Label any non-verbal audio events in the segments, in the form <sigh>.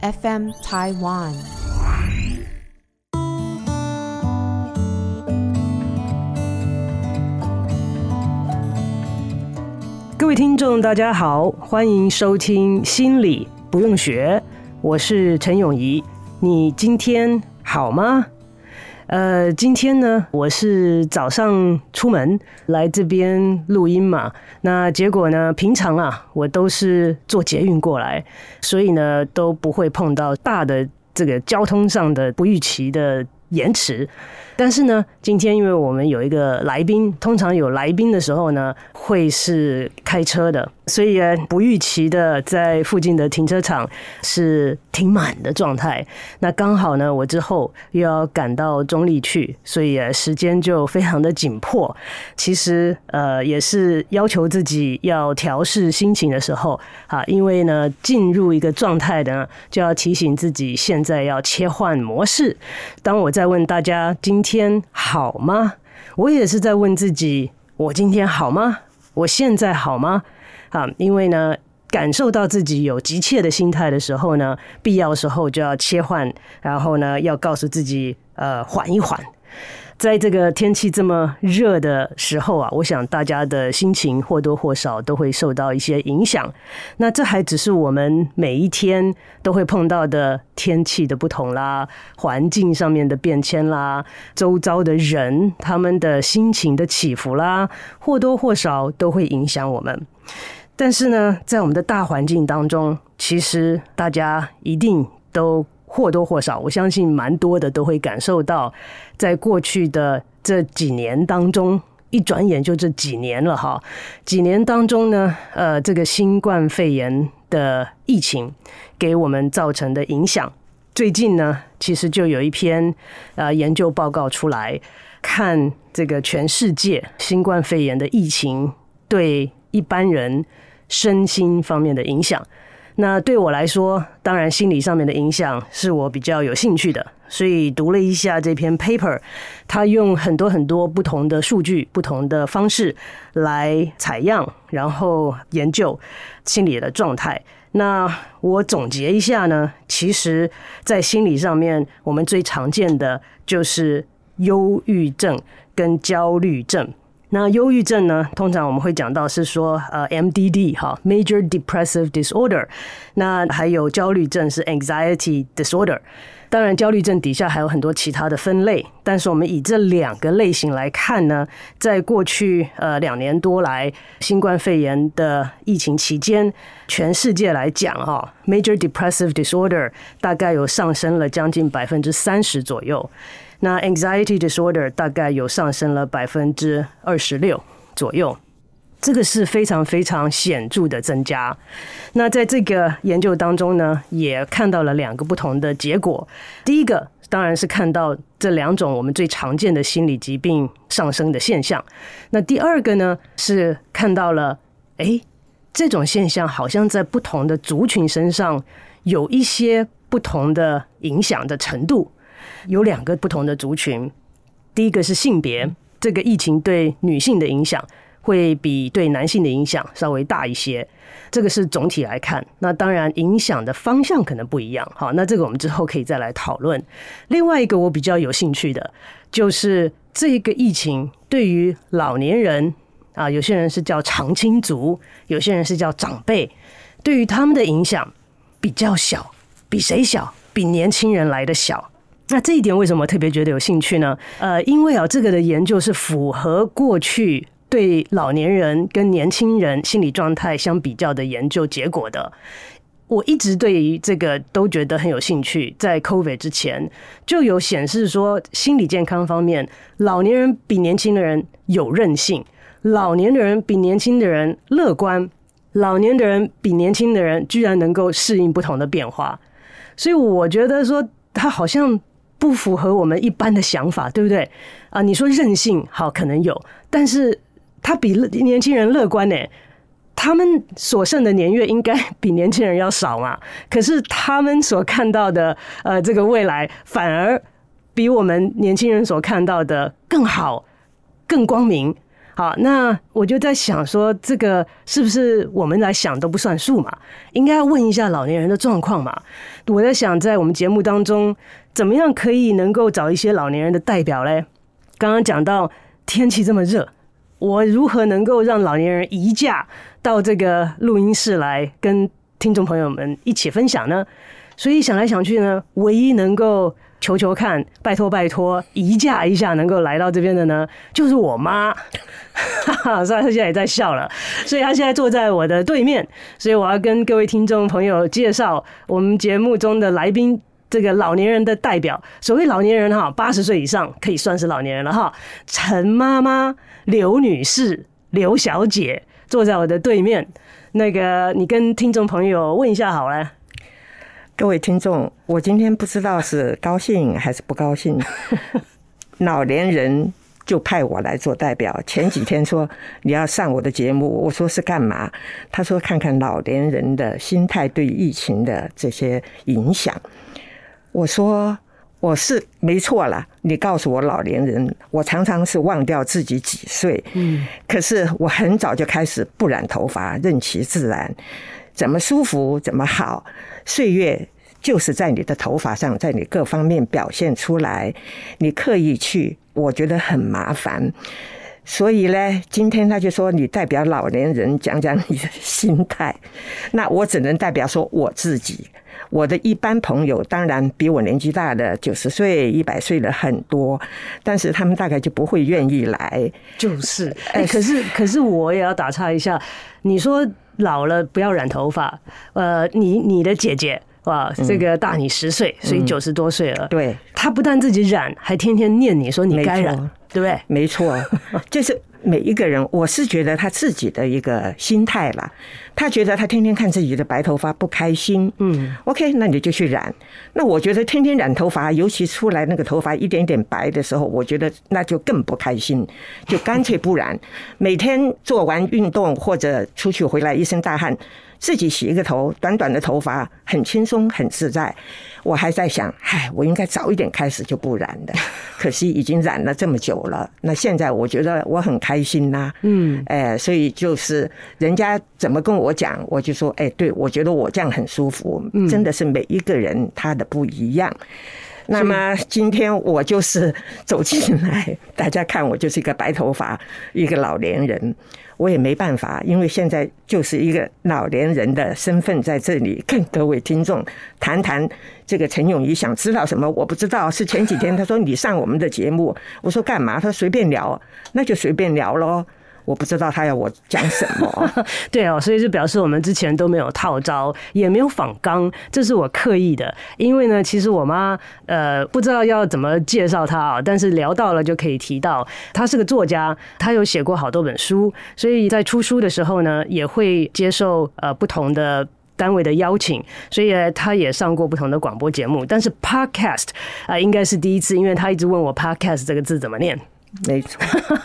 FM Taiwan，各位聽眾，大家好，歡迎收聽《心理不用學》，我是陳永儀，你今天好嗎？呃，今天呢，我是早上出門來這邊錄音嘛。那結果呢，平常啊，我都是坐捷運過來，所以呢，都不會碰到大的這個交通上的不預期的延遲。但是呢，今天因為我們有一個來賓，通常有來賓的時候呢，會是開車的，所以不預期的在附近的停車場是停滿的狀態。那剛好呢，我之後又要趕到中壢去，所以時間就非常的緊迫。其實呃，也是要求自己要調適心情的時候啊，因為呢，進入一個狀態呢，就要提醒自己現在要切換模式。當我在問大家今天。天好嗎？我也是在問自己，我今天好嗎？我現在好嗎？啊、嗯，因為呢，感受到自己有急切的心態的時候呢，必要的時候就要切換，然後呢，要告訴自己，呃，緩一緩。在這個天氣這麼熱的時候啊，我想大家的心情或多或少都會受到一些影響。那這還只是我們每一天都會碰到的天氣的不同啦，環境上面的變遷啦，周遭的人他們的心情的起伏啦，或多或少都會影響我們。但是呢，在我們的大環境當中，其實大家一定都，或多或少，我相信蠻多的都會感受到，在過去的這幾年當中，一轉眼就這幾年了哈。幾年當中呢，呃，這個新冠肺炎的疫情給我們造成的影響，最近呢，其實就有一篇呃研究報告，出來，看這個全世界新冠肺炎的疫情對一般人身心方面的影響。那對我來說，當然心理上面的影響是我比較有興趣的，所以讀了一下這篇 paper，它用很多很多不同的數據、不同的方式來採樣，然後研究心理的狀態。那我總結一下呢，其實在心理上面，我們最常見的就是憂鬱症跟焦慮症。那憂鬱症呢？通常我們會講到是說，呃，MDD 哈，Major Depressive Disorder。那還有焦慮症是 Anxiety Disorder。當然，焦慮症底下還有很多其他的分類。但是我們以這兩個類型來看呢，在過去呃兩年多來新冠肺炎的疫情期間，全世界來講哈，Major Depressive Disorder 大概有上升了將近百分之三十左右。那 anxiety disorder 大概有上升了百分之二十六左右，這個是非常非常顯著的增加。那在這個研究當中呢，也看到了兩個不同的結果。第一個當然是看到這兩種我們最常見的心理疾病上升的現象。那第二個呢，是看到了，哎，這種現象好像在不同的族群身上有一些不同的影響的程度。有兩個不同的族群，第一個是性別，這個疫情對女性的影響會比對男性的影響稍微大一些，這個是總體來看。那當然影響的方向可能不一樣，好，那這個我們之後可以再來討論。另外一個我比較有興趣的，就是這個疫情對於老年人啊，有些人是叫長青族，有些人是叫長輩，對於他們的影響比較小。比誰小？比年輕人來的小。那這一點為什麼特別覺得有興趣呢？呃，因為啊，這個的研究是符合過去對老年人跟年輕人心理狀態相比較的研究結果的。我一直對於這個都覺得很有興趣。在 COVID 之前就有顯示說，心理健康方面，老年人比年輕的人有韌性，老年的人比年輕的人樂觀，老年的人比年輕的人居然能夠適應不同的變化。所以我覺得說，他好像。不符合我們一般的想法，對不對？啊、呃，你説韌性好，可能有，但是他比年輕人樂觀哎。他們所剩的年月應該比年輕人要少嘛，可是他們所看到的呃，這個未來反而比我們年輕人所看到的更好、更光明。好，那我就在想說，這個是不是我們來想都不算數嘛？應該要問一下老年人的狀況嘛？我在想，在我們節目當中，怎麼樣可以能夠找一些老年人的代表嘞？剛剛講到天氣這麼熱，我如何能夠讓老年人移駕到這個錄音室來跟聽眾朋友們一起分享呢？所以想來想去呢，唯一能夠。求求看，拜託拜託，移駕一下能夠來到這邊的呢，就是我媽。哈哈，雖然她現在也在笑了，所以她現在坐在我的對面，所以我要跟各位聽眾朋友介紹我們節目中的來賓，這個老年人的代表。所謂老年人哈，八十歲以上可以算是老年人了哈。陳媽媽、劉女士、劉小姐坐在我的對面，那個你跟聽眾朋友問一下好了。各位聽眾，我今天不知道是高興還是不高興。 <laughs> 老年人就派我來做代表。前幾天說你要上我的節目，我說是幹嘛？他說看看老年人的心態對疫情的這些影響。我說我是沒錯了。你告訴我，老年人，我常常是忘掉自己幾歲。嗯。可是我很早就開始不染頭髮，任其自然。怎麼舒服怎麼好，歲月就是在你的頭髮上，在你各方面表現出來，你刻意去，我覺得很麻煩。所以呢，今天他就說，你代表老年人講講你的心態，那我只能代表說我自己。我的一般朋友，當然比我年紀大的九十歲、一百歲了很多，但是他們大概就不會願意來。就是，哎、欸，可是可是我也要打岔一下，呃、你說老了不要染頭髮，呃，你你的姐姐哇，這個大你十歲、嗯，所以九十多歲了，對、嗯，她不但自己染，還天天念你說你該染。對，對，沒錯，就是每一個人，我是覺得他自己的一個心態了，他覺得他天天看自己的白頭髮不開心，嗯，OK，那你就去染。那我覺得天天染頭髮，尤其出來那個頭髮一點點白的時候，我覺得那就更不開心，就乾脆不染。 <laughs> 每天做完運動或者出去回來一身大汗。自己洗一個頭，短短的頭髮很輕鬆很自在。我還在想，唉，我應該早一點開始就不染的，可惜已經染了這麼久了。那現在我覺得我很開心吶、啊，嗯，哎、欸，所以就是人家怎麼跟我講，我就說，哎、欸，對，我覺得我這樣很舒服、嗯。真的是每一個人他的不一樣。那麼今天我就是走進來，大家看我就是一個白頭髮一個老年人。我也沒辦法，因為現在就是一個老年人的身份在這裡跟各位聽眾談談這個。陳永儀想知道什麼，我不知道。是前幾天他說，你上我們的節目，我說幹嘛？他說隨便聊，那就隨便聊嘍。我不知道他要我講什麼， <laughs> 對啊、哦，所以就表示我們之前都沒有套招，也沒有訪綱，這是我刻意的。因為呢，其實我媽呃不知道要怎麼介紹她啊，但是聊到了就可以提到她是個作家，她有寫過好多本書，所以在出書的時候呢，也會接受呃不同的單位的邀請，所以她也上過不同的廣播節目。但是 podcast 啊、呃，應該是第一次，因為她一直問我 podcast 這個字怎麼念。沒錯，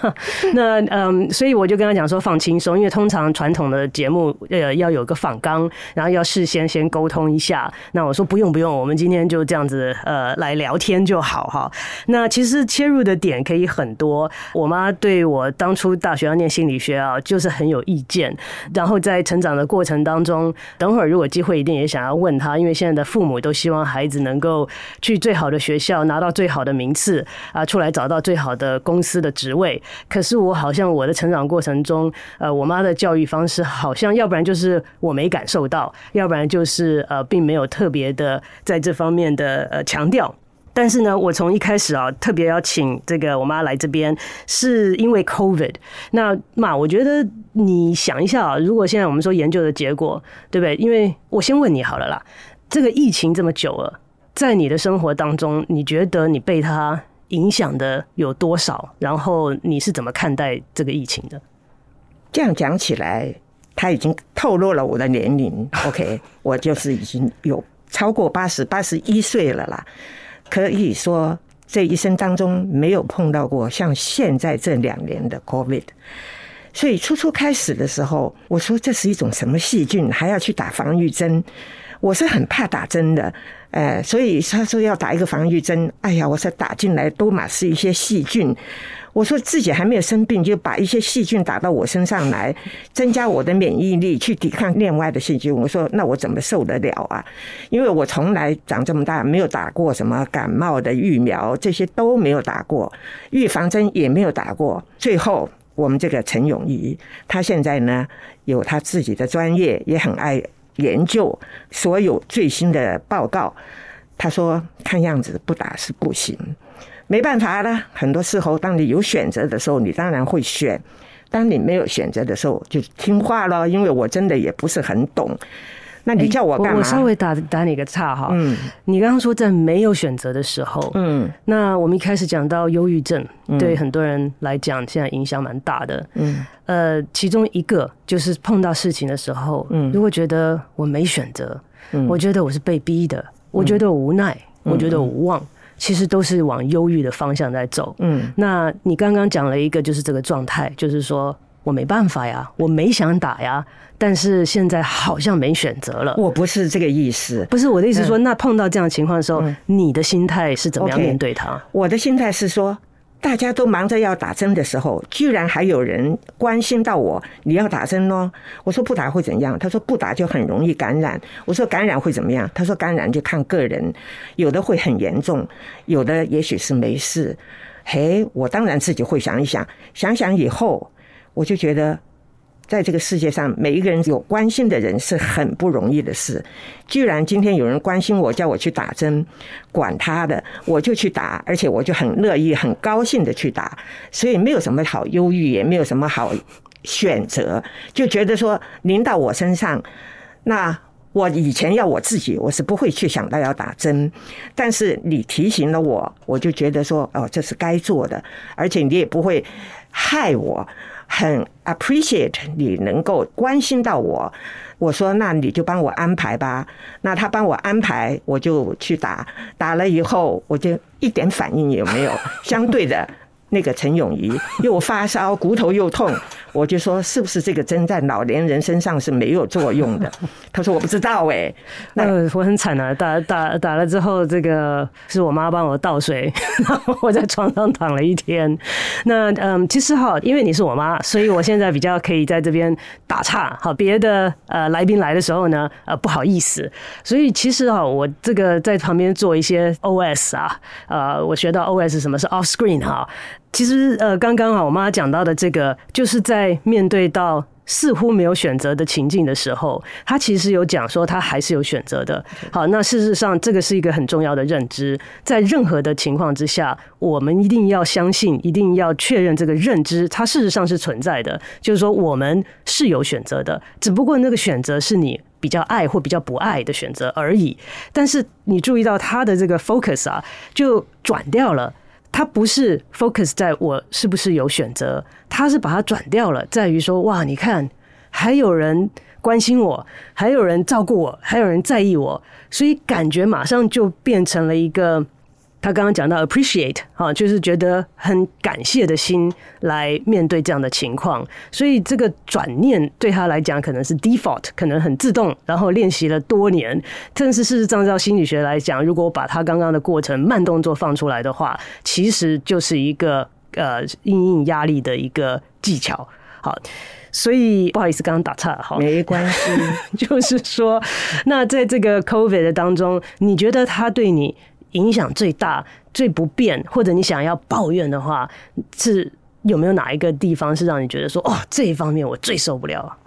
<laughs> 那嗯，所以我就跟他講說放輕鬆，因為通常傳統的節目呃要，要有個訪綱，然後要事先先溝通一下。那我說不用不用，我們今天就這樣子呃來聊天就好哈。那其實切入的點可以很多。我媽對我當初大學要念心理學啊，就是很有意見。然後在成長的過程當中，等會兒如果機會一定也想要問他，因為現在的父母都希望孩子能夠去最好的學校拿到最好的名次啊，出來找到最好的工，公司的職位，可是我好像我的成長過程中，呃，我媽的教育方式好像，要不然就是我沒感受到，要不然就是呃，並沒有特別的在這方面的呃強調。但是呢，我從一開始啊，特別要請這個我媽來這邊，是因為 COVID。那媽，我覺得你想一下啊，如果現在我們說研究的結果，對不對？因為我先問你好了啦，這個疫情這麼久了，在你的生活當中，你覺得你被它……影響的有多少？然後你是怎麼看待這個疫情的？這樣講起來，他已經透露了我的年齡。 <laughs> OK，我就是已經有超過八十八十一歲了啦。可以說這一生當中沒有碰到過像現在這兩年的 COVID。所以初初開始的時候，我說這是一種什麼細菌，還要去打防疫針？我是很怕打針的。哎、嗯，所以他說要打一個防禦針。哎呀，我說打進來多嘛是一些細菌。我說自己還沒有生病，就把一些細菌打到我身上來，增加我的免疫力去抵抗另外的細菌。我說那我怎麼受得了啊？因為我從來長這麼大沒有打過什麼感冒的疫苗，這些都沒有打過，預防針也沒有打過。最後，我們這個陳永儀，他現在呢有他自己的專業，也很愛。研究所有最新的報告，他說：“看樣子不打是不行，沒辦法了。很多時候，當你有選擇的時候，你當然會選；當你沒有選擇的時候，就聽話了。因為我真的也不是很懂。”那你叫我幹嘛？欸，我我稍微打打你個岔哈。嗯。你剛剛說在沒有選擇的時候，嗯，那我們一開始講到憂鬱症，嗯，對很多人來講，現在影響蠻大的。嗯。呃，其中一個就是碰到事情的時候，嗯，如果覺得我沒選擇，嗯，我覺得我是被逼的，嗯，我覺得我無奈，嗯，我覺得我無望，嗯嗯，其實都是往憂鬱的方向在走。嗯。那你剛剛講了一個，就是這個狀態，就是說。我沒辦法呀，我沒想打呀，但是現在好像沒選擇了。我不是這個意思，不是我的意思說。說、嗯、那碰到這樣情況的時候、嗯，你的心態是怎麼樣面對他？Okay, 我的心態是說，大家都忙着要打針的時候，居然還有人關心到我。你要打針嘍？我說不打會怎樣？他說不打就很容易感染。我說感染會怎麼樣？他說感染就看個人，有的會很嚴重，有的也許是沒事。嘿，我當然自己會想一想，想想以後。我就覺得，在這個世界上，每一個人有關心的人是很不容易的事。既然今天有人關心我，叫我去打針，管他的，我就去打，而且我就很樂意、很高興的去打。所以沒有什麼好猶豫，也沒有什麼好選擇，就覺得說臨到我身上，那我以前要我自己，我是不會去想到要打針。但是你提醒了我，我就覺得說，哦，這是該做的，而且你也不會害我。很 appreciate 你能夠關心到我，我說，那你就幫我安排吧。那他幫我安排，我就去打，打了以後我就一點反應也沒有。相對的，那個陳永儀又發燒，骨頭又痛。我就說是不是這個針在老年人身上是沒有作用的？ <laughs> 他說我不知道誒、欸、那、呃、我很慘啊，打打打了之後，這個是我媽幫我倒水，然後我在床上躺了一天。那嗯，其實哈，因為你是我媽，所以我現在比較可以在這邊打岔。好，別的呃來賓來的時候呢，呃不好意思，所以其實哈，我這個在旁邊做一些 OS 啊，呃，我學到 OS 是什麼？是 off screen 哈。其實，呃，剛剛啊，我媽講到的這個，就是在面對到似乎沒有選擇的情境的時候，她其實有講說，她還是有選擇的。好，那事實上，這個是一個很重要的認知，在任何的情況之下，我們一定要相信，一定要確認這個認知，它事實上是存在的。就是說，我們是有選擇的，只不過那個選擇是你比較愛或比較不愛的選擇而已。但是，你注意到她的這個 focus 啊，就轉掉了。他不是 focus 在我是不是有選擇，他是把它轉掉了，在，在於說，哇，你看還有人關心我，還有人照顧我，還有人在意我，所以感覺馬上就變成了一個。他剛剛講到 appreciate 就是覺得很感謝的心來面對這樣的情況，所以這個轉念對他來講可能是 default，可能很自動，然後練習了多年。但是事實上，照心理學來講，如果把他剛剛的過程慢動作放出來的話，其實就是一個呃因應壓力的一個技巧。好，所以不好意思剛剛打岔了，好，沒關係。 <laughs> 就是說，那在這個 COVID 的當中，你覺得他對你？影響最大、最不便，或者你想要抱怨的話，是有沒有哪一個地方是讓你覺得說，哦，這一方面我最受不了啊？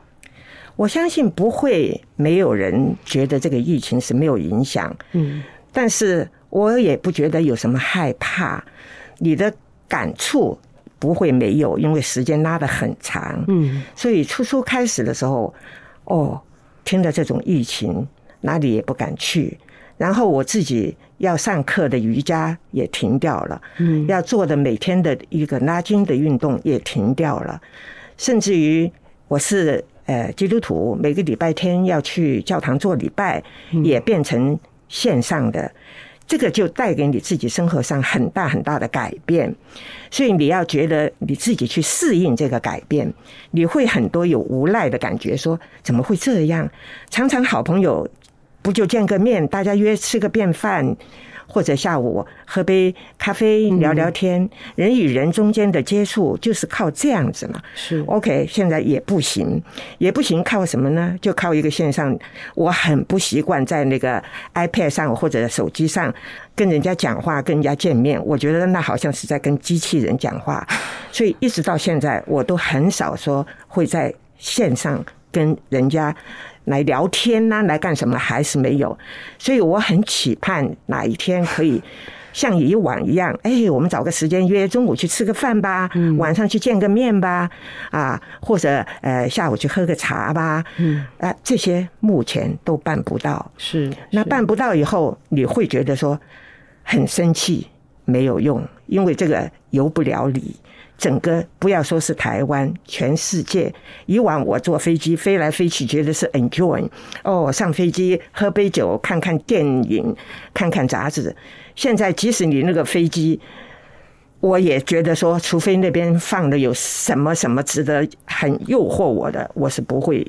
我相信不會沒有人覺得這個疫情是沒有影響，嗯，但是我也不覺得有什麼害怕。你的感觸不會沒有，因為時間拉得很長，嗯，所以初初開始的時候，哦，聽到這種疫情，哪裡也不敢去。然後我自己要上課的瑜伽也停掉了，嗯，要做的每天的一個拉筋的運動也停掉了，甚至於我是呃基督徒，每個禮拜天要去教堂做禮拜，也變成線上的，這個就帶給你自己生活上很大很大的改變，所以你要覺得你自己去適應這個改變，你會很多有無奈的感覺，說怎麼會這樣？常常好朋友。不就見個面，大家約吃個便飯，或者下午喝杯咖啡聊聊天，嗯、人與人中間的接觸就是靠這樣子嘛。是。OK，現在也不行，也不行，靠什麼呢？就靠一個線上。我很不習慣在那個 iPad 上或者手機上跟人家講話、跟人家見面，我覺得那好像是在跟機器人講話。所以一直到現在，我都很少說會在線上。跟人家來聊天呢、啊，來幹什麼還是沒有，所以我很期盼哪一天可以像以往一樣，哎、欸，我們找個時間約中午去吃個飯吧，嗯，晚上去見個面吧，啊，或者呃下午去喝個茶吧，嗯，啊，這些目前都辦不到。是，是。那辦不到以後，你會覺得說很生氣？沒有用，因為這個由不了你。整個不要說是台灣，全世界。以往我坐飛機飛來飛去，覺得是 enjoy。哦，上飛機喝杯酒，看看電影，看看雜誌。現在即使你那個飛機，我也覺得說，除非那邊放的有什麼什麼值得很誘惑我的，我是不會。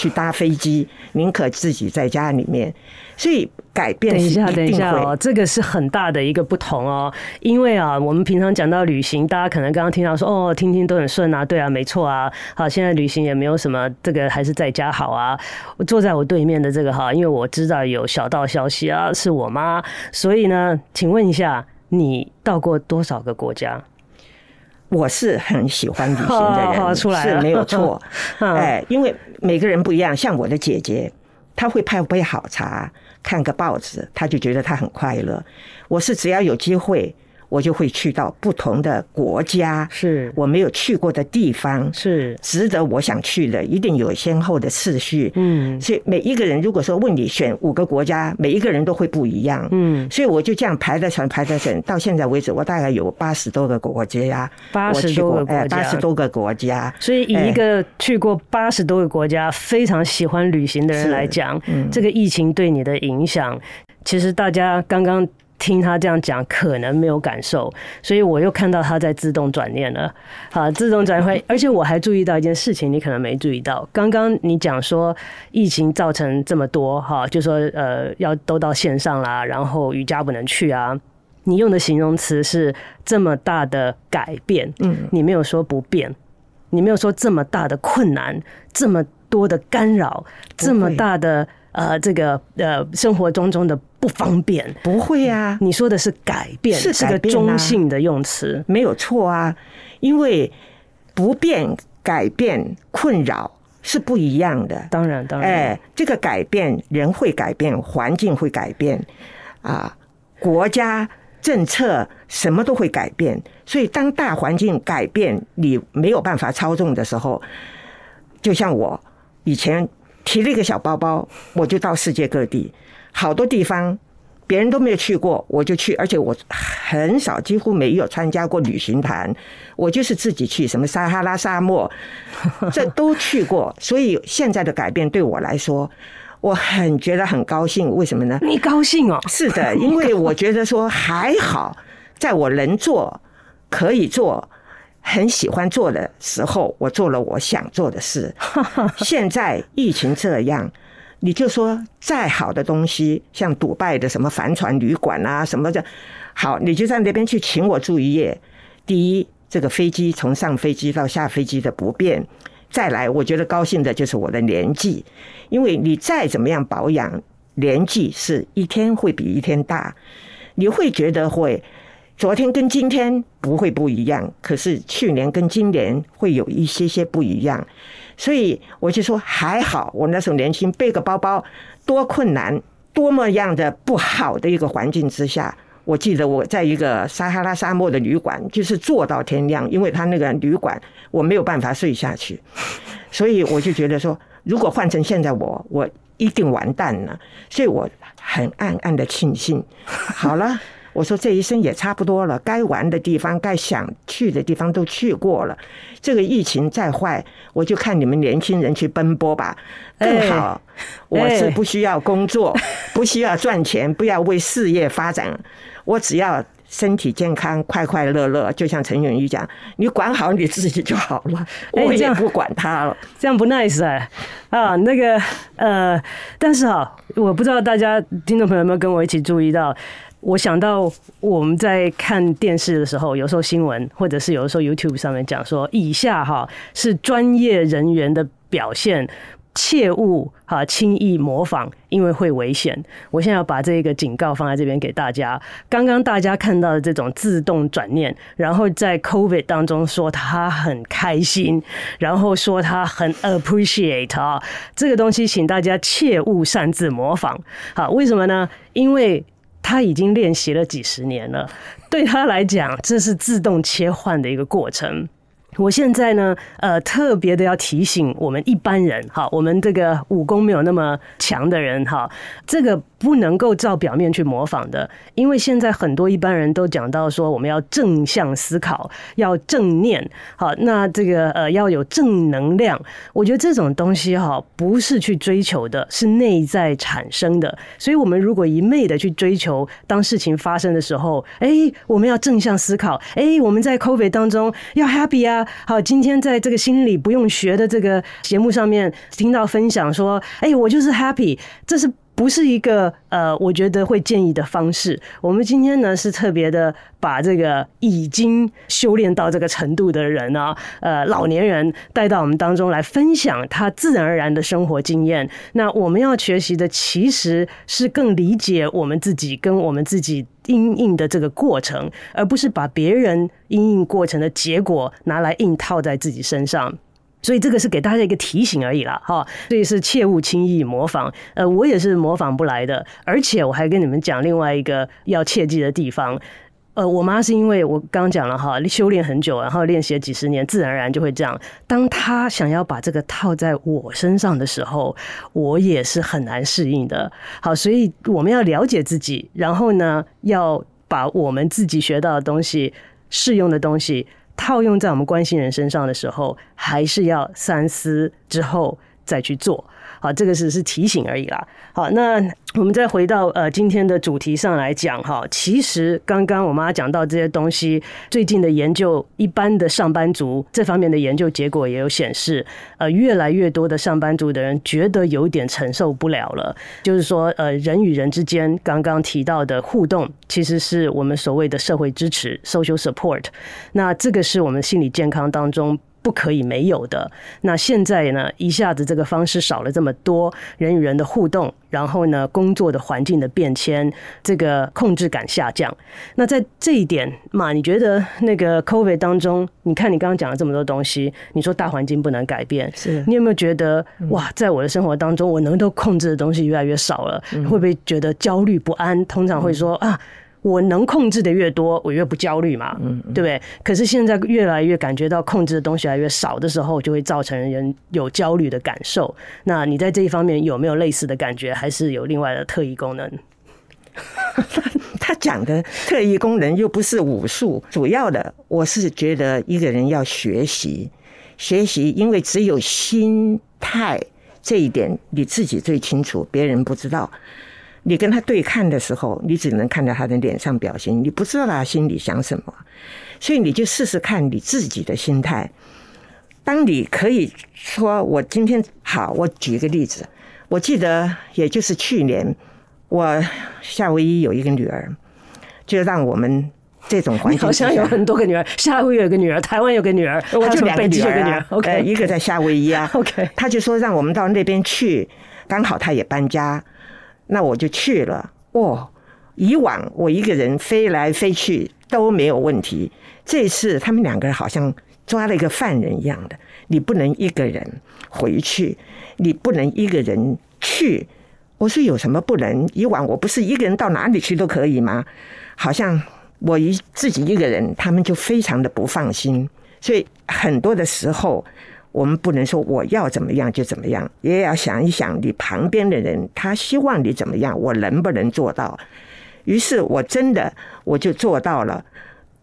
去搭飛機，寧可自己在家裡面，所以改變是一定會。等一下，等一下哦。這個是很大的一個不同哦。因為啊，我們平常講到旅行，大家可能剛剛聽到說哦，聽聽都很順啊，對啊，沒錯啊，好，現在旅行也沒有什麼，這個還是在家好啊。我坐在我對面的這個哈，因為我知道有小道消息啊，是我媽，所以呢，請問一下，你到過多少個國家？我是很喜歡旅行的人，好好好，是沒有錯。哎，因為每個人不一樣，像我的姐姐，她會泡杯好茶，看個報紙，她就覺得她很快樂。我是只要有機會。我就會去到不同的國家，是我沒有去過的地方，是值得我想去的，一定有先後的次序。嗯，所以每一個人如果說問你選五個國家，每一個人都會不一樣。嗯，所以我就這樣排着選，排着選，到現在為止，我大概有八十多個國家呀，八十多個國家，八十多個國家。所以以一個去過八十多個國家、哎、非常喜歡旅行的人來講，嗯，這個疫情對你的影響，其實大家剛剛。聽他這樣講，可能沒有感受，所以我又看到他在自動轉念了。好，自動轉回，而且我還注意到一件事情，你可能沒注意到。剛剛你講說疫情造成這麼多，哈，就說呃要都到線上啦，然後瑜伽不能去啊。你用的形容詞是這麼大的改變，嗯，你沒有說不便，你沒有說這麼大的困難，這麼多的干擾，這麼大的呃這個呃生活當中的。不方便。不會啊，你說的是改變，是改變啊，是個中性的用詞沒有錯啊，因為不變、改變、困擾是不一樣的。當然，當然，哎，這個改變，人會改變，環境會改變，啊，國家政策什麼都會改變，所以當大環境改變，你沒有辦法操縱的時候，就像我以前提了一個小包包，我就到世界各地。好多地方，別人都沒有去過，我就去。而且我很少，幾乎沒有參加過旅行團，我就是自己去，什麼撒哈拉沙漠，這都去過。所以現在的改變對我來說，我很覺得很高興。為什麼呢？你高興哦，是的，因為我覺得說還好，在我能做、可以做、很喜歡做的時候，我做了我想做的事。現在疫情這樣。你就說，再好的東西，像杜拜的什麼帆船旅館啊，什麼的，好，你就在那邊去請我住一夜。第一，這個飛機從上飛機到下飛機的不便；再來，我覺得高興的就是我的年紀，因為你再怎麼樣保養，年紀是一天會比一天大。你會覺得會，昨天跟今天不會不一樣，可是去年跟今年會有一些些不一樣。所以我就說還好，我那時候年輕，背個包包多困難，多麼樣的不好的一個環境之下，我記得我在一個撒哈拉沙漠的旅館，就是坐到天亮，因為他那個旅館我沒有辦法睡下去，所以我就覺得說，如果換成現在我，我一定完蛋了，所以我很暗暗的慶幸，好了。 <laughs> 我說這一生也差不多了，該玩的地方，該想去的地方都去過了。這個疫情再壞，我就看你們年輕人去奔波吧，更好。欸、我是不需要工作，欸、不需要賺錢， <laughs> 不要為事業發展。我只要身體健康，快快樂樂。就像陳永儀講，你管好你自己就好了。欸、我也不管他了，這樣，這樣不 nice 啊，哎！啊，那個呃，但是哈，我不知道大家聽眾朋友們跟我一起注意到。我想到我們在看電視的時候，有時候新聞，或者是有的時候 YouTube 上面講說，以下哈是專業人員的表現，切勿哈輕易模仿，因為會危險。我現在要把這個警告放在這邊給大家。剛剛大家看到的這種自動轉念，然後在 COVID 當中說他很開心，然後說他很 appreciate 啊，這個東西請大家切勿擅自模仿。好，為什麼呢？因為他已經練習了幾十年了，對他來講，這是自動切換的一個過程。我現在呢，呃，特別的要提醒我們一般人哈，我們這個武功沒有那麼強的人哈，這個不能夠照表面去模仿的，因為現在很多一般人都講到說我們要正向思考，要正念，好，那這個呃要有正能量，我覺得這種東西哈不是去追求的，是內在產生的，所以我們如果一味的去追求，當事情發生的時候，哎，我們要正向思考，哎，我們在 COVID 當中要 happy 啊。好，今天在這個心理不用學的這個節目上面聽到分享說，誒、欸、我就是 happy，這是。不是一個呃，我覺得會建議的方式。我們今天呢是特別的，把這個已經修煉到這個程度的人呢、啊，呃，老年人帶到我們當中來分享他自然而然的生活經驗。那我們要學習的其實是更理解我們自己跟我們自己因應的這個過程，而不是把別人因應過程的結果拿來硬套在自己身上。所以這個是給大家一個提醒而已啦，哈，所以是切勿輕易模仿。呃，我也是模仿不來的，而且我還跟你們講另外一個要切記的地方。呃，我媽是因為我剛講了哈，修煉很久，然後練習了幾十年，自然而然就會這樣。當她想要把這個套在我身上的時候，我也是很難適應的。好，所以我們要了解自己，然後呢，要把我們自己學到的東西、適用的東西。套用在我們關心人身上的時候，還是要三思之後再去做。好，這個只是提醒而已啦。好，那我們再回到呃今天的主題上來講哈。其實剛剛我媽講到這些東西，最近的研究，一般的上班族這方面的研究結果也有顯示，呃，越來越多的上班族的人覺得有點承受不了了。就是說，呃，人與人之間剛剛提到的互動，其實是我們所謂的社會支持 （social support）。那這個是我們心理健康當中。不可以沒有的。那現在呢，一下子這個方式少了這麼多人與人的互動，然後呢，工作的環境的變遷，這個控制感下降。那在這一點嘛，你覺得那個 COVID 當中，你看你剛剛講了這麼多東西，你說大環境不能改變，是你有沒有覺得、嗯、哇，在我的生活當中，我能夠控制的東西越來越少了，會不會覺得焦慮不安？通常會說、嗯、啊。我能控制的越多，我越不焦慮嘛，嗯嗯，對不對？可是現在越來越感覺到控制的東西越來越少的時候，就會造成人有焦慮的感受。那你在這一方面有沒有類似的感覺？還是有另外的特異功能？ <laughs> 他講的特異功能又不是武術，主要的我是覺得一個人要學習學習，因為只有心態這一點你自己最清楚，別人不知道。你跟他對看的時候，你只能看到他的臉上表情，你不知道他、啊、心裡想什麼，所以你就試試看你自己的心態。當你可以說我今天好，我舉一個例子，我記得也就是去年，我夏威夷有一個女兒，就讓我們這種關係，好像有很多個女兒，夏威夷有個女兒，台灣有個女兒，我就兩個女兒、啊、一個女兒 okay, okay，OK，一個在夏威夷啊，OK，他就說讓我們到那邊去，剛好他也搬家。那我就去了。哦，以往我一個人飛來飛去都沒有問題，這次他們兩個人好像抓了一個犯人一樣的，你不能一個人回去，你不能一個人去。我說有什麼不能？以往我不是一個人到哪裡去都可以嗎？好像我一自己一個人，他們就非常的不放心，所以很多的時候。我們不能說我要怎麼樣就怎麼樣，也要想一想你旁邊的人，他希望你怎麼樣，我能不能做到？於是，我真的我就做到了，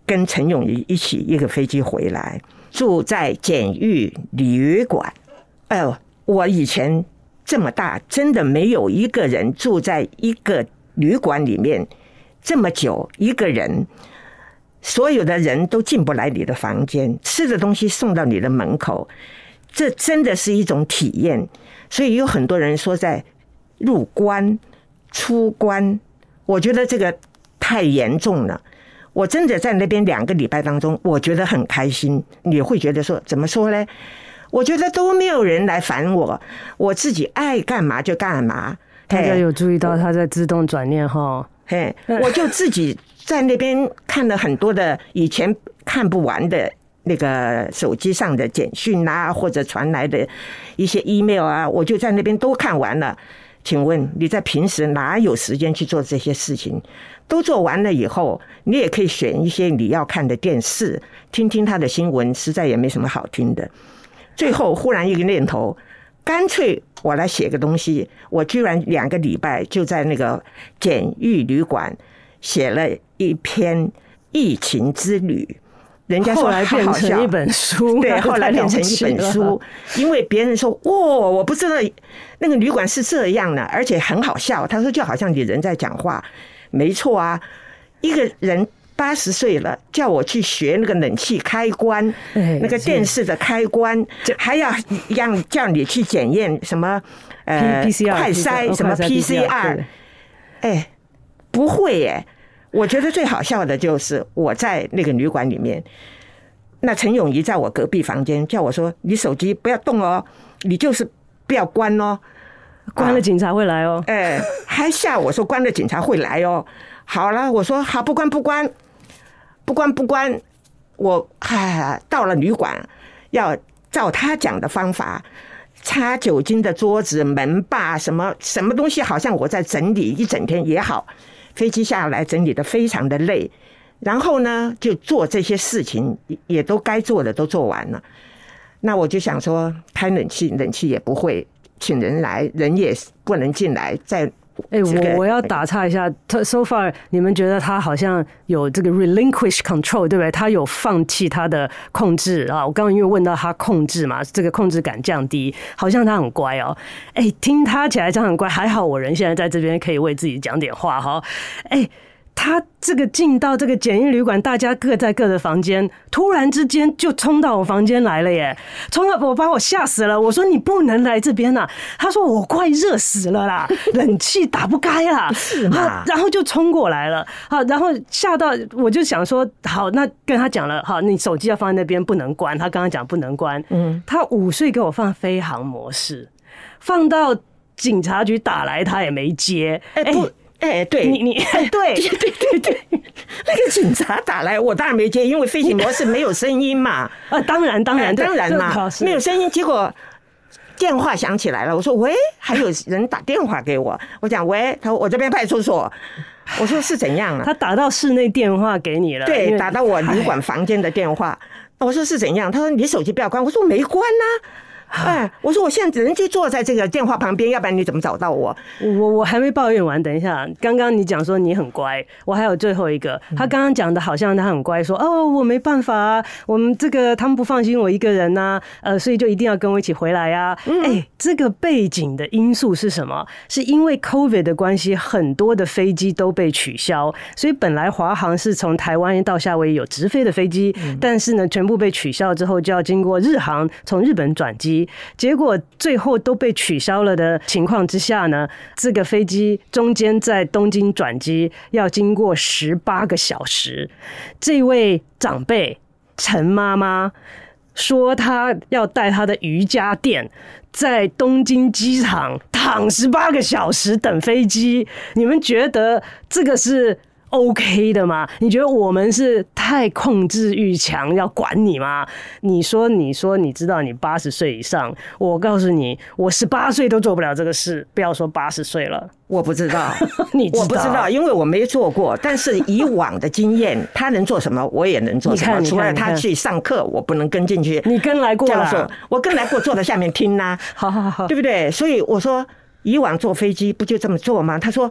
跟陳永儀一起一個飛機回來，住在檢疫旅館。哎、呃、呦，我以前這麼大，真的沒有一個人住在一個旅館裡面這麼久，一個人。所有的人都進不來你的房間，吃的東西送到你的門口，這真的是一種體驗。所以有很多人說在入關、出關，我覺得這個太嚴重了。我真的在那邊兩個禮拜當中，我覺得很開心，你會覺得說怎麼說呢？我覺得都沒有人來煩我，我自己愛幹嘛就幹嘛。大家有注意到他在自動轉念哈、哦？嘿，我就自己在那邊看了很多的以前看不完的那個手機上的簡訊啊，或者傳來的一些 email 啊，我就在那邊都看完了。請問你在平時哪有時間去做這些事情？都做完了以後，你也可以選一些你要看的電視，聽聽他的新聞，實在也沒什麼好聽的。最後忽然一個念頭。乾脆我來寫個東西，我居然兩個禮拜就在那個檢疫旅館寫了一篇疫情之旅，人家說好好，後來變成一本書，啊，對，後來變成一本書， <laughs> 因為別人說，哇，哦，我不知道那個旅館是這樣的，而且很好笑，他說就好像你人在講話，沒錯啊，一個人。八十歲了，叫我去學那個冷氣開關、欸，那個電視的開關，還要讓叫你去檢驗什麼呃 PCR, 快篩、喔、什麼 PCR，哎、oh 欸，不會耶、欸！我覺得最好笑的就是我在那個旅館裡面，那陳永儀在我隔壁房間叫我說：“你手機不要動哦，你就是不要關哦，關了警察會來哦。啊”哎、欸，還嚇我說：“關了警察會來哦。 <laughs> ”好了，我說：“好，不關不關。”不關不關，我哈到了旅館，要照他講的方法擦酒精的桌子、門把什麼什麼東西，好像我在整理一整天也好，飛機下來整理得非常的累。然後呢，就做這些事情也都該做的都做完了。那我就想說，開冷氣，冷氣也不會，請人來，人也不能進來，在。哎、欸，我我要打岔一下。他 So far，你們覺得他好像有這個 relinquish control，對不對？他有放棄他的控制啊。我剛剛因為問到他控制嘛，這個控制感降低，好像他很乖哦。哎、欸，聽他起來這樣很乖，還好我人現在在這邊可以為自己講點話哈、哦。哎、欸。他這個進到這個檢疫旅館，大家各在各的房間，突然之間就衝到我房間來了耶！衝到我把我嚇死了。我說你不能來這邊了、啊、他說我快熱死了啦， <laughs> 冷氣打不開啦。是 <laughs> 然後就衝過來了啊！然後嚇到我就想說，好，那跟他講了，好，你手機要放在那邊，不能關。他剛剛講不能關，嗯，他午睡給我放飛航模式，放到警察局打來他也沒接。哎、欸欸哎、欸，對，你你、欸、對對對對，對， <laughs> 那個警察打來，我當然沒接，因為飛行模式沒有聲音嘛。啊，當然當然、欸、當然嘛，沒有聲音。結果電話響起來了，我說喂，還有人打電話給我。我講喂，他說我這邊派出所。我說是怎樣、啊？他打到室內電話給你了？對，打到我旅館房間的電話。我說是怎樣？他說你手機不要關。我說沒關呐、啊。哎，我說我現在只能就坐在這個電話旁邊，要不然你怎麼找到我？我我還沒抱怨完。等一下，剛剛你講說你很乖，我還有最後一個。他剛剛講的好像他很乖，說哦，我沒辦法，我們這個他們不放心我一個人吶、啊，呃，所以就一定要跟我一起回來啊。哎，這個背景的因素是什麼？是因為 COVID 的關係，很多的飛機都被取消，所以本來華航是從台灣到夏威夷有直飛的飛機，但是呢，全部被取消之後，就要經過日航從日本轉機。結果最後都被取消了的情況之下呢，這個飛機中間在東京轉機要經過十八個小時。這位長輩陳媽媽說，她要帶她的瑜伽墊在東京機場躺十八個小時等飛機。你們覺得這個是？Okay 的嗎？你覺得我們是太控制欲強，要管你嗎？你說，你說，你知道你八十歲以上，我告訴你，我十八歲都做不了這個事，不要說八十歲了。我不知道， <laughs> 你知道我不知道，因為我沒做過。但是以往的經驗，他能做什麼， <laughs> 我也能做什麼。你看除了他去上課， <laughs> 我不能跟進去。你跟來過了，教授，我跟來過，坐在下面聽啦、啊。 <laughs> 好好好，對不對？所以我說，以往坐飛機不就這麼坐嗎？他說。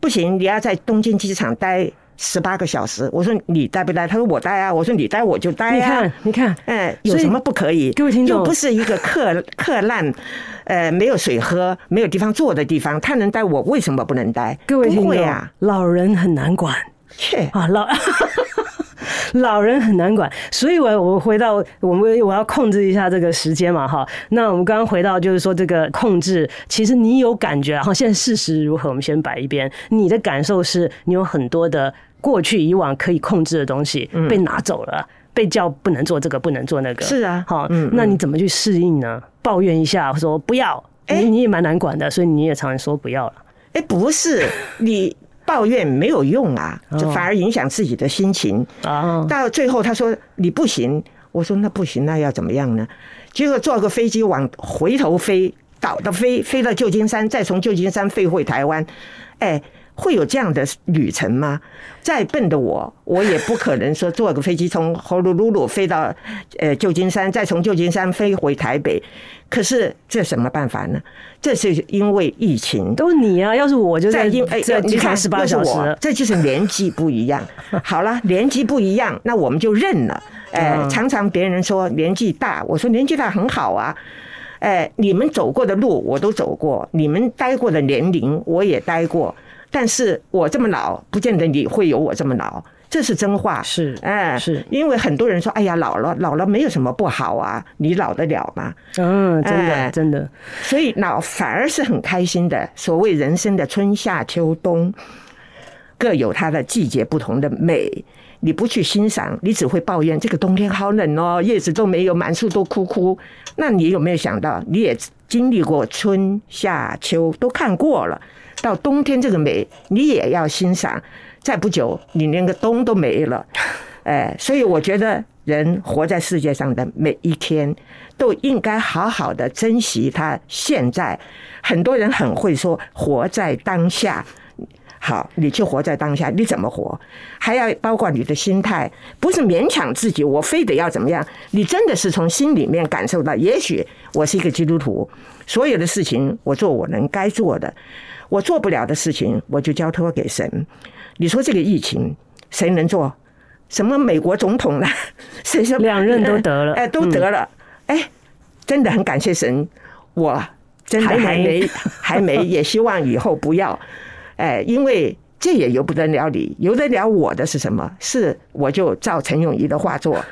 不行，你要在東京機場待十八個小時。我說你待不待？他說我待啊。我說你待我就待啊。你看，你看，哎、嗯，有什麼不可以？各位聽眾，又不是一個客客棧，呃，沒有水喝、沒有地方坐的地方，他能待，我為什麼不能待？各位聽眾啊，老人很難管。切啊老。 <laughs> 老人很難管，所以我我回到我們我要控制一下這個時間嘛哈。那我們剛剛回到就是說這個控制，其實你有感覺哈。現在事實如何？我們先擺一邊。你的感受是你有很多的過去以往可以控制的東西被拿走了，嗯、被叫不能做這個，不能做那個。是啊，好，那你怎麼去適應呢？抱怨一下說不要，哎、欸，你也蠻難管的，所以你也常常說不要了。哎、欸，不是你。 <laughs> 抱怨沒有用啊，這反而影響自己的心情。Oh. Oh. 到最後他說你不行，我說那不行，啊，那要怎麼樣呢？結果坐個飛機往回頭飛，倒的飛，飛到舊金山，再從舊金山飛回台灣，哎、欸。會有這樣的旅程嗎？再笨的我，我也不可能說坐個飛機從 Honolulu 飛到舊金山，再從舊金山飛回台北。可是這什麼辦法呢？這是因為疫情。都是你啊！要是我就在因，在，哎，哎，你看，就是我。這就是年紀不一樣。 <laughs> 好了，年紀不一樣，那我們就認了。哎，常常別人說年紀大，我說年紀大很好啊。哎，你們走過的路我都走過，你們待過的年齡我也待過。但是我這麼老，不見得你會有我這麼老，這是真話。是、嗯，哎，是，因為很多人說，哎呀，老了，老了沒有什麼不好啊，你老得了嗎？嗯，真的，嗯、真的。所以老反而是很開心的。所謂人生的春夏秋冬，各有它的季節不同的美，你不去欣賞，你只會抱怨這個冬天好冷哦，葉子都沒有，滿樹都枯枯。那你有沒有想到，你也經歷過春夏秋，都看過了。到冬天，這個美你也要欣賞。再不久，你連個冬都沒了，哎，所以我覺得人活在世界上的每一天都應該好好的珍惜它。現在很多人很會說“活在當下”，好，你就活在當下，你怎麼活？還要包括你的心態，不是勉強自己，我非得要怎麼樣？你真的是從心裡面感受到，也許我是一個基督徒，所有的事情我做我能該做的。我做不了的事情，我就交托給神。你說這個疫情，誰能做？什麼美國總統呢？誰說兩任都得了？哎，都得了、嗯。哎，真的很感謝神。我真的還沒還沒，也希望以後不要。哎，因為這也由不得了你，由得了我的是什麼？是我就照陳永儀的話做，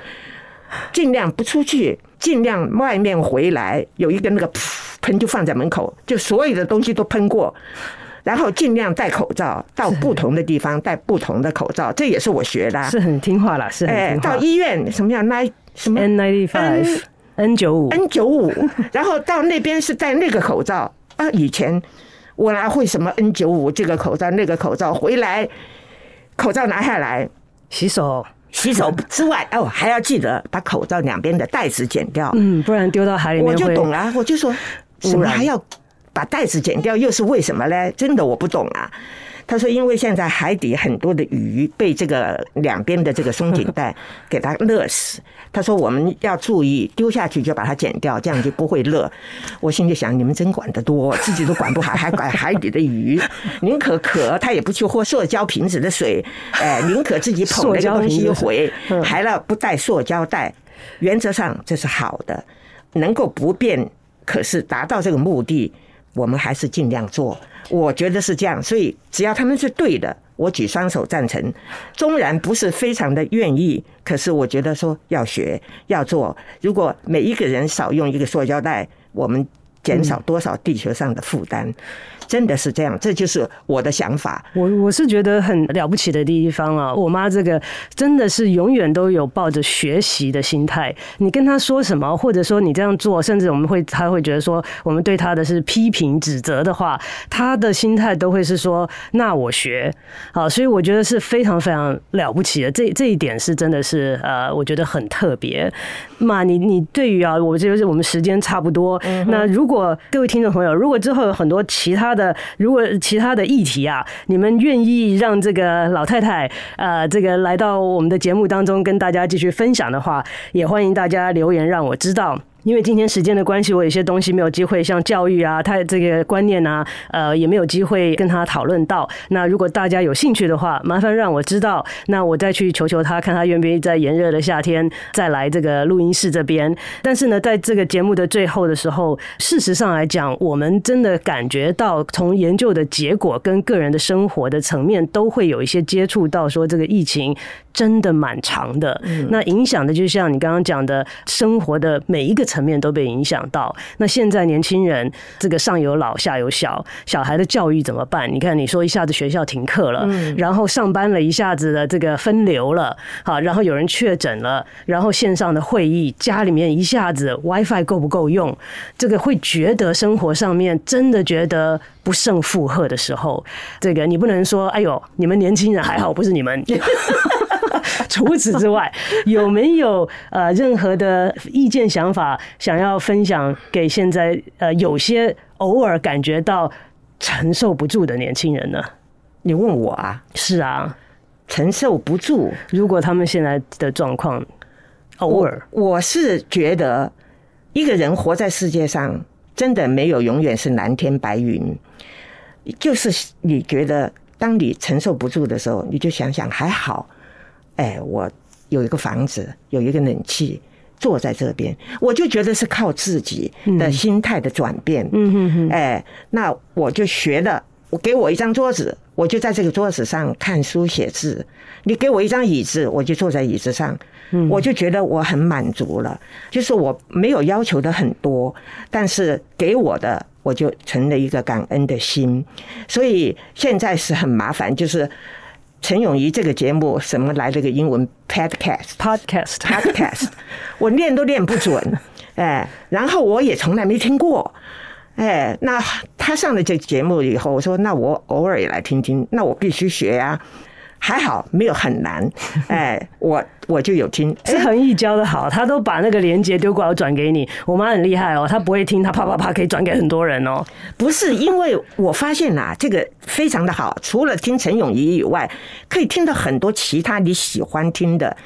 盡量不出去，盡量外面回來有一個那個噗。噴就放在門口，就所有的東西都噴過，然後盡量戴口罩，到不同的地方戴不同的口罩，這也是我學的、啊，是很聽話了，是很聽話。哎、到醫院什麼樣什麼 N95，N 九五，N 九五，N95 N N95、 <laughs> 然後到那邊是戴那個口罩啊。以前我拿回什麼 N 九五這個口罩那個口罩回來，口罩拿下來洗手，洗手之外哦還要記得把口罩兩邊的袋子剪掉，嗯，不然丟到海裡面我就懂了、啊，我就說。什麼還要把袋子剪掉？又是為什麼嘞？真的我不懂啊。他說：“因為現在海底很多的魚被這個兩邊的這個鬆緊帶給它勒死。 <laughs> ”他說：“我們要注意，丟下去就把它剪掉，這樣就不會勒。”我心裡想：“你們真管得多，自己都管不好，還管海底的魚。寧 <laughs> 可渴，他也不去喝塑膠瓶子的水。哎、呃，寧可自己捧那個東西回，還了、就是嗯、不帶塑膠袋。原則上這是好的，能夠不變。”可是達到這個目的，我們還是盡量做。我覺得是這樣，所以只要他們是對的，我舉雙手贊成。縱然不是非常的願意，可是我覺得說要學要做。如果每一個人少用一個塑膠袋，我們。減少多少地球上的負擔，真的是這樣，這就是我的想法。嗯。我我是覺得很了不起的地方啊！我媽這個真的是永遠都有抱着學習的心態。你跟她說什麼，或者說你這樣做，甚至我們會，她會覺得說我們對她的是批評指責的話，她的心態都會是說，那我學好。啊。所以我覺得是非常非常了不起的。這這一點是真的是呃，我覺得很特別。媽，你你對於啊，我覺得我們時間差不多。嗯。那如果各位聽眾朋友，如果之後有很多其他的，如果其他的議題啊，你們願意讓這個老太太，呃，這個來到我們的節目當中跟大家繼續分享的話，也歡迎大家留言讓我知道。因為今天時間的關係，我有些東西沒有機會，像教育啊，他這個觀念啊，呃，也沒有機會跟他討論到。那如果大家有興趣的話，麻煩讓我知道，那我再去求求他，看他願不願意在炎熱的夏天再來這個錄音室這邊。但是呢，在這個節目的最後的時候，事實上來講，我們真的感覺到，從研究的結果跟個人的生活的層面，都會有一些接觸到說這個疫情。真的蠻長的，那影響的就像你剛剛講的，生活的每一個層面都被影響到。那現在年輕人，這個上有老下有小，小孩的教育怎麼辦？你看，你說一下子學校停課了，然後上班了一下子的這個分流了，好，然後有人確診了，然後線上的會議，家裡面一下子 WiFi 夠不夠用？這個會覺得生活上面真的覺得不勝負荷的時候，這個你不能說，哎呦，你們年輕人還好，不是你們。 <laughs> 除此之外，有沒有呃任何的意見想法想要分享給現在呃有些偶爾感覺到承受不住的年輕人呢？你問我啊？是啊，承受不住。如果他們現在的狀況偶爾，我是覺得一個人活在世界上，真的沒有永遠是藍天白雲。就是你覺得當你承受不住的時候，你就想想還好。哎，我有一個房子，有一個冷氣，坐在這邊，我就覺得是靠自己的心態的轉變。嗯哼哼，哎，那我就學了，我給我一張桌子，我就在這個桌子上看書寫字。你給我一張椅子，我就坐在椅子上。嗯，我就覺得我很滿足了，就是我沒有要求的很多，但是給我的，我就成了一個感恩的心。所以現在是很麻煩，就是。陳永儀這個節目什麼來了個英文 podcast，podcast，podcast，podcast, podcast, <laughs> podcast, 我念都念不準， <laughs> 哎，然後我也從來沒聽過，哎，那他上了這個節目以後，我說那我偶爾也來聽聽，那我必須學呀、啊。還好沒有很難， <laughs> 哎，我我就有聽，是恆毅教的好，他都把那個連接丟過來轉給你。我媽很厲害哦，她不會聽，她啪啪啪可以轉給很多人哦。不是，因為我發現啦、啊，這個非常的好，除了聽陳永儀以外，可以聽到很多其他你喜歡聽的，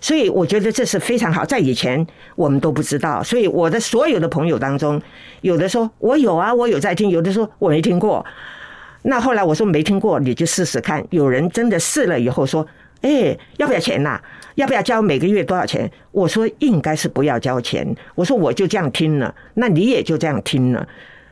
所以我覺得這是非常好。在以前我們都不知道，所以我的所有的朋友當中，有的說我有啊，我有在聽；有的說我沒聽過。那後來我說沒聽過，你就試試看。有人真的試了以後說，哎，要不要錢啊？要不要交每個月多少錢？我說應該是不要交錢。我說我就這樣聽了，那你也就這樣聽了。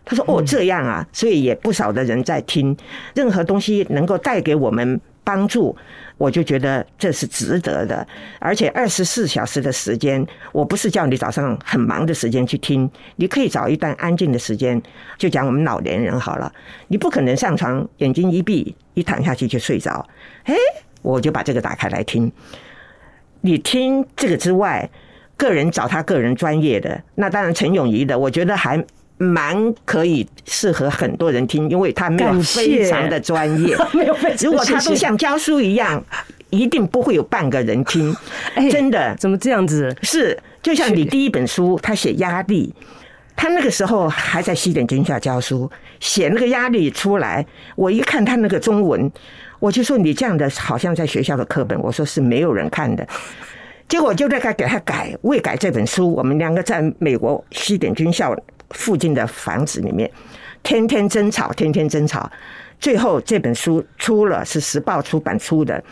他說哦，這樣啊，所以也不少的人在聽，任何東西能夠帶給我們幫助。我就覺得這是值得的，而且二十四小時的時間，我不是叫你早上很忙的時間去聽，你可以找一段安靜的時間。就講我們老年人好了，你不可能上床眼睛一閉一躺下去就睡着，哎，我就把這個打開來聽。你聽這個之外，個人找他個人專業的，那當然陳永儀的，我覺得還。蠻可以適合很多人聽，因為他沒有非常的專業，沒有非常。如果他都像教書一樣， <laughs> 一定不會有半個人聽，欸。真的，怎麼這樣子？是就像你第一本書，他寫壓力，他那個時候還在西點軍校教書，寫那個壓力出來，我一看他那個中文，我就說，你這樣的好像在學校的課本，我說是沒有人看的。結果就在改，給他改，未改這本書，我們兩個在美國西點軍校附近的房子裡面，天天爭吵，天天爭吵。最後這本書出了，是時報出版出的。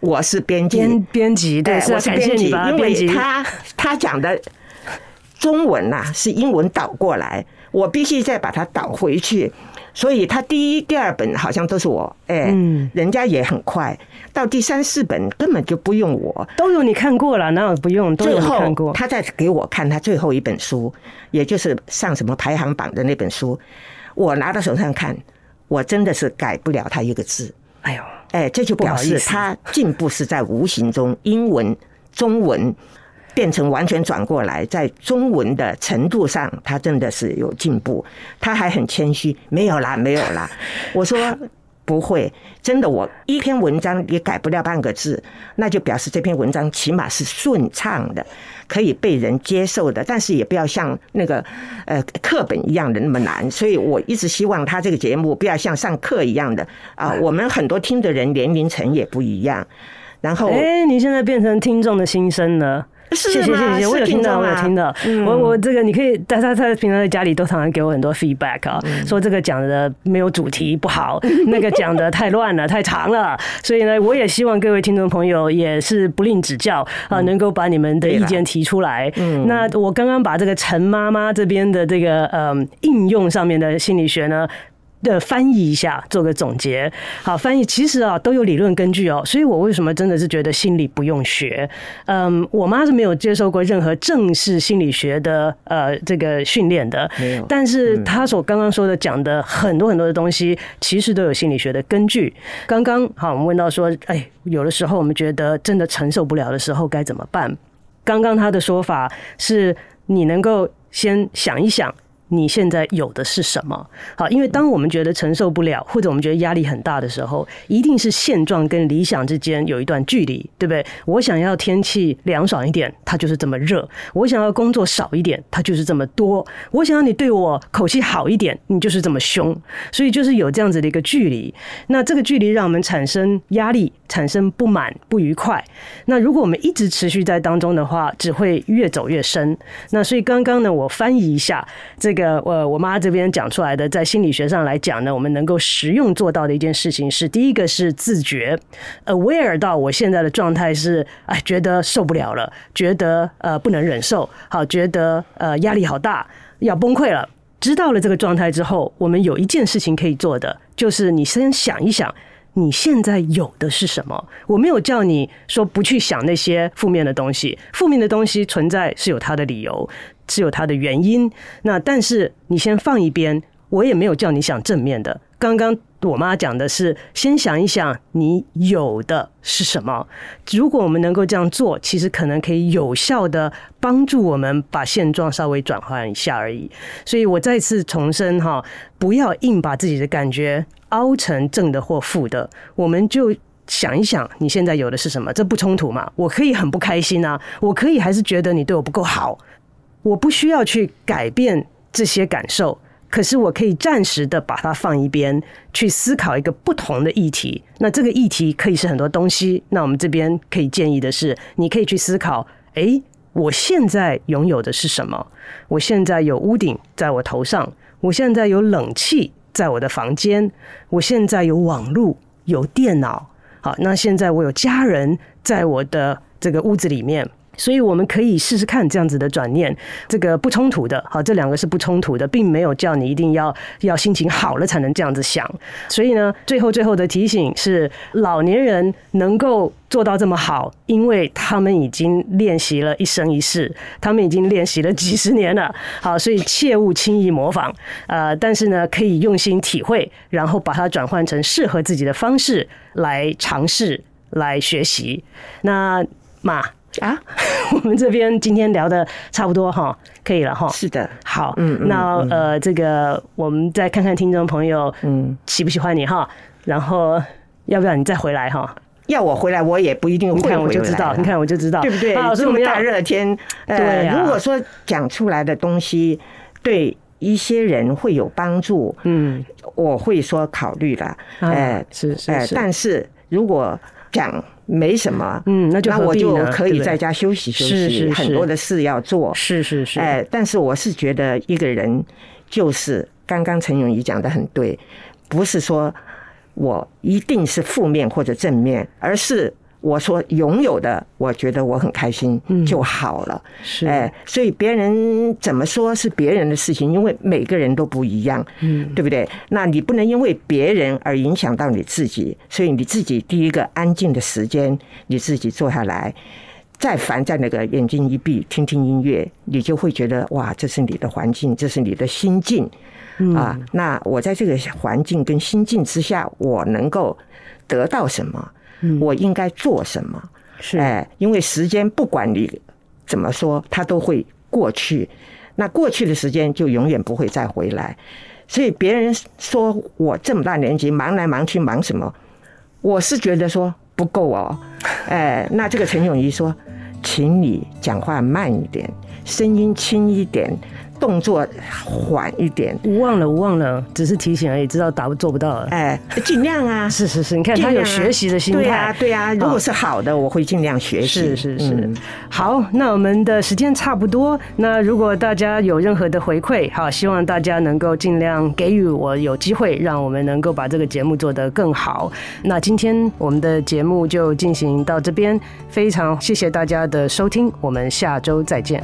我是編輯，編輯對、哎是啊、我是編輯，因為他他講的中文吶、啊、是英文倒過來，我必須再把它倒回去。所以他第一、第二本好像都是我，哎，人家也很快，到第三、四本根本就不用我，都有你看過了，哪有不用？最後他再給我看他最後一本書，也就是上什麼排行榜的那本書，我拿到手上看，我真的是改不了他一個字。哎呦，哎，這就表示他進步是在無形中，英文、中文。變成完全轉過來，在中文的程度上，他真的是有進步。他還很謙虛，沒有啦，沒有啦。我說不會，真的，我一篇文章也改不了半個字，那就表示這篇文章起碼是順暢的，可以被人接受的。但是也不要像那個呃課本一樣的那麼難。所以我一直希望他這個節目不要像上課一樣的啊。我們很多聽的人年齡層也不一樣。然後，哎，你現在變成聽眾的心聲呢？是嗎？謝謝謝謝，我有聽到我有聽到，聽我我這個你可以，在他他平常在家裡都常常給我很多 feedback 啊，嗯、說這個講的沒有主題不好，嗯、那個講的太亂了 <laughs> 太長了，所以呢，我也希望各位聽眾朋友也是不吝指教、嗯、啊，能夠把你們的意見提出來。嗯、那我剛剛把這個陳媽媽這邊的這個嗯應用上面的心理學呢。的翻譯一下，做個總結。好，翻譯其實啊都有理論根據哦，所以我為什麼真的是覺得心理不用學？嗯、um，我媽是沒有接受過任何正式心理學的呃這個訓練的，但是她所剛剛說的、嗯、講的很多很多的東西，其實都有心理學的根據。剛剛好，我們問到說，哎，有的時候我們覺得真的承受不了的時候該怎麼辦？剛剛她的說法是你能夠先想一想。你現在有的是什麼？好，因為當我們覺得承受不了，或者我們覺得壓力很大的時候，一定是現狀跟理想之間有一段距離，對不對？我想要天氣涼爽一點，它就是這麼熱；我想要工作少一點，它就是這麼多；我想要你對我口氣好一點，你就是這麼兇。所以就是有這樣子的一個距離。那這個距離讓我們產生壓力，產生不滿、不愉快。那如果我們一直持續在當中的話，只會越走越深。那所以剛剛呢，我翻譯一下這。這個我我媽這邊講出來的，在心理學上來講呢，我們能夠實用做到的一件事情是，第一個是自覺，aware 到我現在的狀態是，哎，覺得受不了了，覺得呃不能忍受，好，覺得呃壓力好大，要崩潰了。知道了這個狀態之後，我們有一件事情可以做的，就是你先想一想，你現在有的是什麼？我沒有叫你說不去想那些負面的東西，負面的東西存在是有它的理由。只有它的原因。那但是你先放一邊，我也沒有叫你想正面的。剛剛我媽講的是，先想一想你有的是什麼。如果我們能夠這樣做，其實可能可以有效的幫助我們把現狀稍微轉換一下而已。所以我再次重申哈，不要硬把自己的感覺凹成正的或負的。我們就想一想你現在有的是什麼，這不衝突嘛？我可以很不開心啊，我可以還是覺得你對我不夠好。我不需要去改變這些感受，可是我可以暫時的把它放一邊，去思考一個不同的議題。那這個議題可以是很多東西。那我們這邊可以建議的是，你可以去思考：欸，我現在擁有的是什麼？我現在有屋頂在我頭上，我現在有冷氣在我的房間，我現在有網路、有電腦。好，那現在我有家人在我的這個屋子裡面。所以我們可以試試看這樣子的轉念，這個不衝突的，好，這兩個是不衝突的，並沒有叫你一定要要心情好了才能這樣子想。所以呢，最後最後的提醒是，老年人能夠做到這麼好，因為他們已經練習了一生一世，他們已經練習了幾十年了。好，所以切勿輕易模仿，呃，但是呢，可以用心體會，然後把它轉換成適合自己的方式來嘗試來學習。那媽，嘛啊， <laughs> 我們這邊今天聊的差不多哈，可以了哈。是的，好，嗯，嗯，那呃、嗯，嗯、這個我們再看看聽眾朋友，嗯，喜不喜歡你哈？然後要不要你再回來哈？要我回來，我也不一定會。你看我就知道，你看我就知道，對不對？這麼大熱天，呃，對、啊。如果說講出來的東西對一些人會有幫助，嗯，我會說考慮的。哎，是，哎，但是如果講。沒什麼，嗯，那就那我就可以在家休息休息，很多的事要做，是是是。哎，是是是，但是我是覺得一個人，就是剛剛陳永儀講的很對，不是說我一定是負面或者正面，而是。我說擁有的，我覺得我很開心、嗯、就好了。是、哎，所以別人怎麼說是別人的事情，因為每個人都不一樣，嗯，對不對？那你不能因為別人而影響到你自己，所以你自己第一個安靜的時間，你自己坐下來，再煩在那個，眼睛一閉，聽聽音樂，你就會覺得哇，這是你的環境，這是你的心境、嗯、啊。那我在這個環境跟心境之下，我能夠得到什麼？我應該做什麼？嗯、是、哎、因為時間不管你怎麼說，它都會過去。那過去的時間就永遠不會再回來。所以別人說我這麼大年紀忙來忙去忙什麼？我是覺得說不夠哦。哎，那這個陳永儀說，請你講話慢一點，聲音輕一點。動作緩一點，忘了，忘了，只是提醒而已，知道達做不到了。哎、欸，盡量啊！是是是，你看他、啊、有學習的心態，對啊對啊，如果是好的，哦、我會盡量學習。是是是、嗯好，好，那我們的時間差不多。那如果大家有任何的回饋，好，希望大家能夠盡量給予我，有機會讓我們能夠把這個節目做得更好。那今天我們的節目就進行到這邊，非常謝謝大家的收聽，我們下周再見。